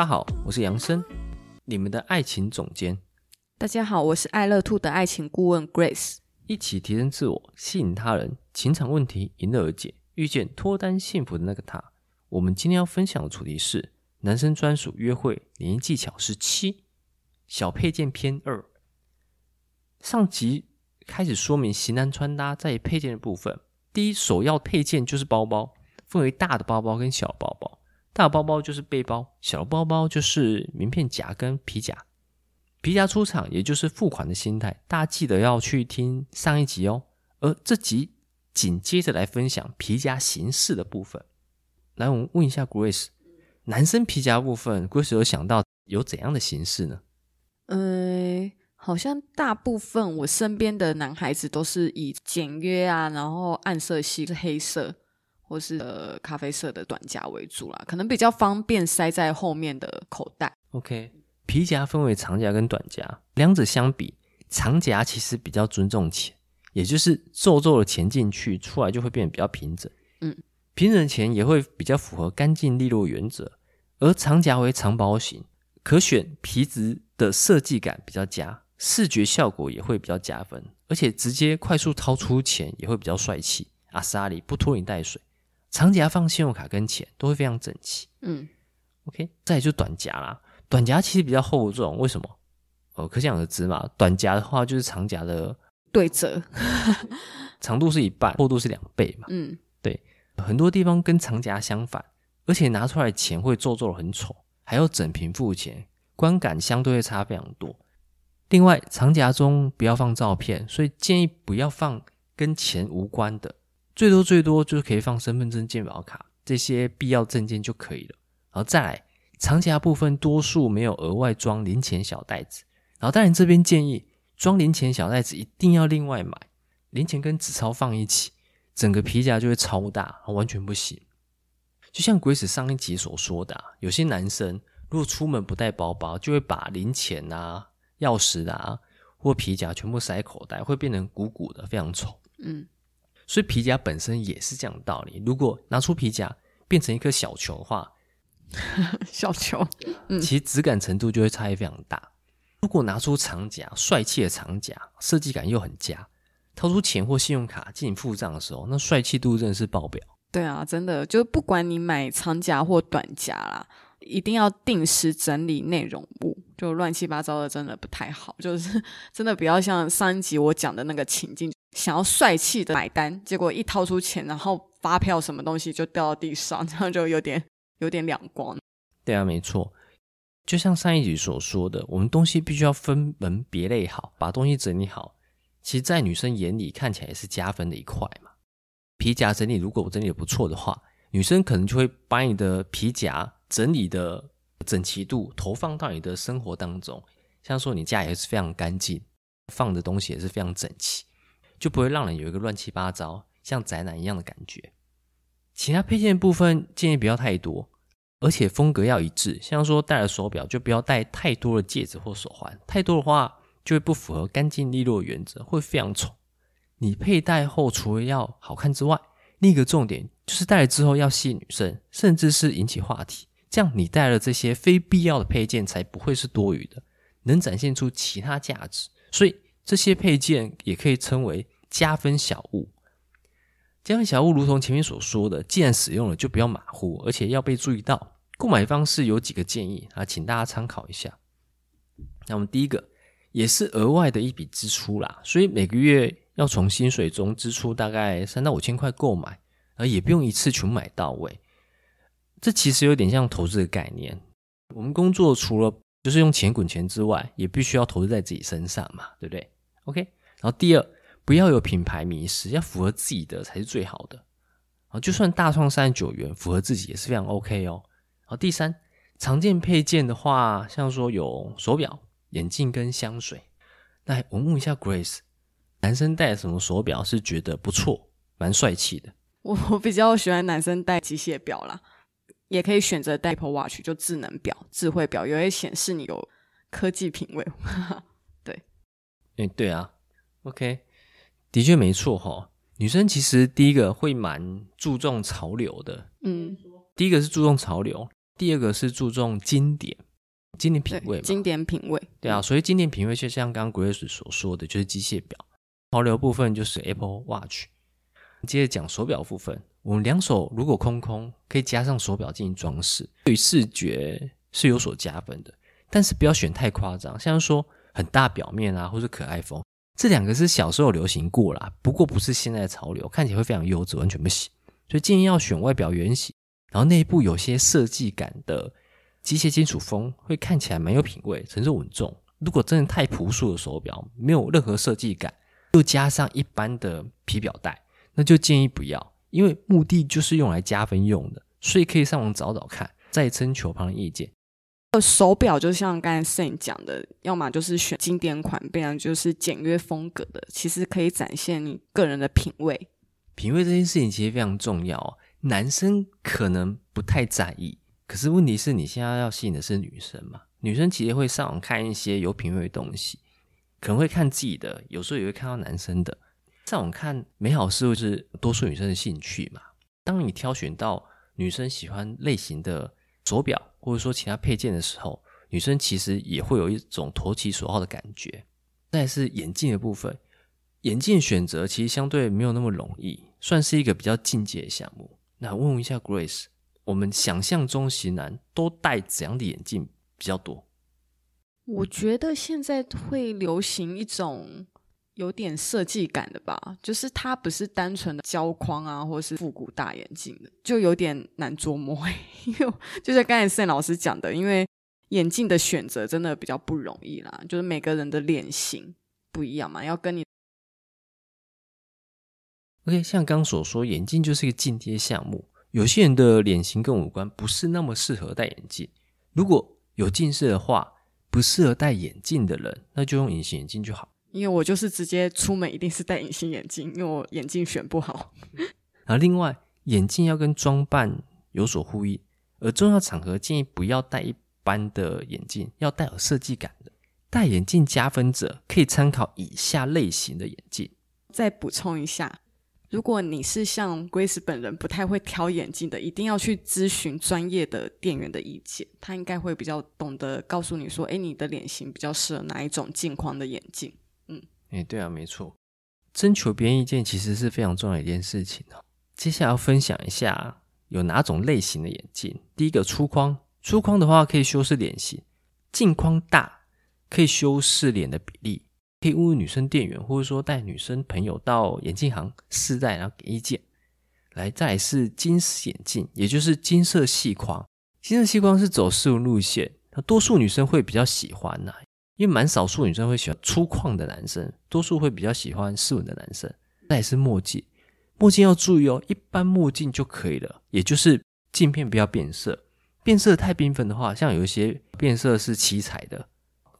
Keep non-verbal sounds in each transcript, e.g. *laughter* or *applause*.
大家好，我是楊森，你們的愛情總監。大家好，我是愛樂 Two 的愛情顧問 Grace，一起提升自我，吸引他人，情場問題迎刃而解，遇見脫單幸福的那個他。我們今天要分享的主題是男生專屬約會聯誼技巧17小配件篇二。上集開始說明型男穿搭在配件的部分，第一首要配件就是包包，分為大的包包跟小包包。大包包就是背包，小包包就是名片夾跟皮夾。皮夾出場，也就是付款的心態，大家記得要去聽上一集哦。而這集緊接着來分享皮夾形式的部分。來，我們問一下 Grace，男生皮夾部分，Grace 有想到有怎樣的形式呢？嗯，呃，好像大部分我身邊的男孩子都是以簡約啊，然後暗色系，就是黑色。或是呃咖啡色的短夾為主啦，可能比較方便塞在後面的口袋。OK，皮夾分為長夾跟短夾，兩者相比，長夾其實比較尊重錢，也就是皺皺的錢進去，出來就會變得比較平整。嗯，平整的錢也會比較符合乾淨利落原則。而長夾為長薄型，可選皮質的設計感比較佳，視覺效果也會比較加分，而且直接快速掏出錢也會比較帥氣，阿莎力不拖泥帶水。長夾放信用卡跟錢都會非常整齊，嗯，OK，再就短夾啦，短夾其實比較厚重，為什麼？哦、呃，可想而知嘛。短夾的話就是長夾的對折， *laughs* 長度是一半，厚度是兩倍嘛。嗯，對，很多地方跟長夾相反，而且拿出來錢會皺皺的很醜，還要整平付錢，觀感相對會差非常多。另外，長夾中不要放照片，所以建議不要放跟錢無關的。最多最多就是可以放身份證、健保卡這些必要證件就可以了。然後再來長夾部分，多數沒有額外裝零錢小袋子。然後，當然這邊建議裝零錢小袋子一定要另外買，零錢跟紙鈔放一起，整個皮夾就會超大，完全不行。就像 Grace 上一集所說的、啊，有些男生如果出門不帶包包，就會把零錢啊、鑰匙啊或皮夾全部塞口袋，會變成鼓鼓的，非常醜。嗯。所以皮夾本身也是這樣的道理。如果拿出皮夾變成一顆小球的話， *laughs* 小球、嗯，其實質感程度就會差異非常大。如果拿出長夾，帥氣的長夾，設計感又很佳，掏出錢或信用卡進行付賬的時候，那帥氣度真的是爆表。對啊，真的，就不管你買長夾或短夾啦，一定要定時整理內容物，就亂七八糟的真的不太好。就是真的不要像上一集我講的那個情境。想要帥氣的買單，結果一掏出錢，然後發票什麼東西就掉到地上，這樣就有點有點兩光。對啊，沒錯，就像上一集所說的，我們東西必須要分門別類好，把東西整理好。其實，在女生眼裡看起來也是加分的一塊嘛。皮夾整理，如果我整理的不錯的話，女生可能就會把你的皮夾整理的整齊度投放到你的生活當中，像說你家也是非常乾淨，放的東西也是非常整齊。就不會讓人有一個亂七八糟，像宅男一樣的感覺。其他配件的部分建議不要太多，而且風格要一致。像說，戴了手錶，就不要戴太多的戒指或手環，太多的話就會不符合乾淨利落的原則，會非常醜。你佩戴後，除了要好看之外，另一個重點就是戴了之後要吸引女生，甚至是引起話題。這樣你戴了這些非必要的配件，才不會是多餘的，能展現出其他價值。所以這些配件也可以稱為加分小物，加分小物，如同前面所說的，既然使用了，就不要馬虎，而且要被注意到。購買方式有幾個建議啊，請大家參考一下。那我們第一個，也是額外的一筆支出啦，所以每個月要從薪水中支出大概三到五千塊購買，而也不用一次全買到位。這其實有點像投資的概念。我們工作除了就是用錢滾錢之外，也必須要投資在自己身上嘛，對不對？OK，然後第二。不要有品牌迷失，要符合自己的才是最好的啊！就算大創三十九元，符合自己也是非常 OK 哦。好，第三，常見配件的話，像說有手錶、眼鏡跟香水。那我問，問一下 Grace，男生戴什麼手錶是覺得不錯、蠻帥氣的？我我比較喜歡男生戴機械錶啦，也可以選擇戴 Apple Watch 就智能錶、智慧錶，也會顯示你有科技品味。 *laughs* 對、欸，對啊，OK。的確沒錯吼，女生其實第一個會蠻注重潮流的，嗯，第一個是注重潮流，第二個是注重經典，經典品味嘛，經典品味，對啊，所以經典品味就像剛剛 Grace 所說的就是機械表，潮流部分就是 Apple Watch。接着講手表部分，我們兩手如果空空，可以加上手表進行裝飾，對於視覺是有所加分的，但是不要選太誇張，像是說很大表面啊，或是可愛風。這兩個是小時候流行過啦，不過不是現在的潮流，看起來會非常幼稚，完全不行。所以建議要選外表圓形，然後內部有些設計感的機械金屬風，會看起來蠻有品味，成熟穩重。如果真的太樸素的手錶，沒有任何設計感，又加上一般的皮錶帶，那就建議不要，因為目的就是用來加分用的，所以可以上網找找看，再徵求旁人意見。手錶就像剛才 Sam 講的，要麼就是選經典款，不然就是簡約風格的。其實可以展現你個人的品味。品味這件事情其實非常重要，男生可能不太在意，可是問題是你現在要吸引的是女生嘛？女生其實會上網看一些有品味的東西，可能會看自己的，有時候也會看到男生的。上網看美好事物是多數女生的興趣嘛？當你挑選到女生喜歡類型的。手錶或者說其他配件的時候，女生其實也會有一種投其所好的感覺。但是眼鏡的部分，眼鏡選擇其實相對沒有那麼容易，算是一個比較進階的項目。那問，問一下 Grace，我們想象中型男都戴怎樣的眼鏡比較多？我覺得現在會流行一種。有點設計感的吧，就是它不是單純的膠框啊，或是復古大眼鏡的，就有點難琢磨。因 *laughs* 為就是剛才 Sam 老師講的，因為眼鏡的選擇真的比較不容易啦，就是每個人的臉型不一樣嘛，要跟你。OK，像剛所說，眼鏡就是一個進階項目。有些人的臉型跟五官不是那麼適合戴眼鏡，如果有近視的話，不適合戴眼鏡的人，那就用隱形眼鏡就好。因為我就是直接出門一定是戴隱形眼鏡，因為我眼鏡選不好。而 *laughs* 另外眼鏡要跟裝扮有所呼應，而重要場合建議不要戴一般的眼鏡，要帶有設計感的。戴眼鏡加分者可以參考以下類型的眼鏡。再補充一下，如果你是像 Grace 本人不太會挑眼鏡的，一定要去諮詢專業的店員的意見，他應該會比較懂得告訴你說，哎，你的臉型比較適合哪一種鏡框的眼鏡。嗯、欸，對啊，沒錯，徵求別人意見其實是非常重要一件事情、哦、接下來要分享一下有哪種類型的眼鏡。第一個粗框，粗框的話可以修飾臉型，鏡框大可以修飾臉的比例，可以問問女生店員，或者說帶女生朋友到眼鏡行試戴，然後給意見。來，再來是金絲眼鏡，也就是金色細框，金色細框是走斯文路線，那多數女生會比較喜歡吶、啊。因為蠻少數女生會喜歡粗獷的男生，多數會比較喜歡斯文的男生。那也是墨鏡，墨鏡要注意哦，一般墨鏡就可以了，也就是鏡片不要變色。變色太繽紛的話，像有一些變色是七彩的，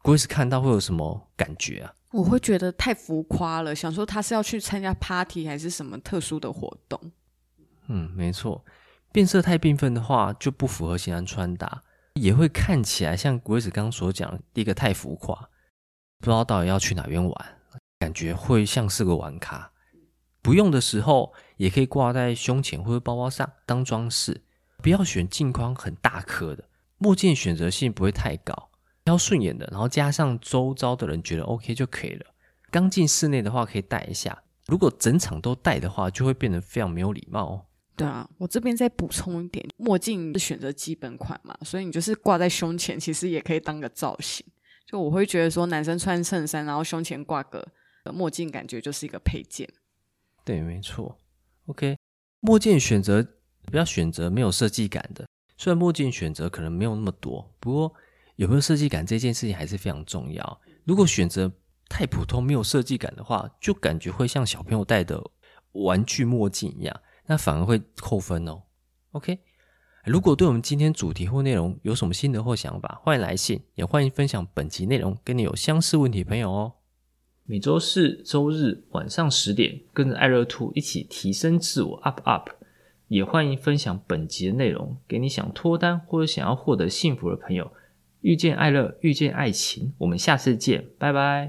Grace 看到會有什麼感覺啊？我會覺得太浮誇了，嗯，想說他是要去參加 party 還是什麼特殊的活動？嗯，沒錯，變色太繽紛的話就不符合型男穿搭。也會看起來像 Grace 剛剛所講，第一個太浮誇，不知道到底要去哪邊玩，感覺會像是個玩咖。不用的時候也可以掛在胸前或者包包上當裝飾。不要選鏡框很大顆的，墨鏡選擇性不會太高，挑順眼的，然後加上周遭的人覺得 OK 就可以了。剛進室內的話可以戴一下，如果整場都戴的話，就會變得非常沒有禮貌哦。對啊，我這邊再補充一點，墨鏡是選擇基本款嘛，所以你就是掛在胸前，其實也可以當個造型。就我會覺得說，男生穿襯衫，然後胸前掛個墨鏡，感覺就是一個配件。對，沒錯。OK，墨鏡選擇不要選擇沒有設計感的。雖然墨鏡選擇可能沒有那麼多，不過有沒有設計感這件事情還是非常重要。如果選擇太普通、沒有設計感的話，就感覺會像小朋友戴的玩具墨鏡一樣。那反而會扣分哦。OK，如果對我們今天主題或內容有什麼心得或想法，歡迎來信，也歡迎分享本集內容跟你有相似問題的朋友哦。每週四、週日晚上十點，跟着愛樂 Two 一起提升自我，up up。也歡迎分享本集的內容給你想脫單或者想要獲得幸福的朋友。遇見愛樂，遇見愛情。我們下次見，拜拜。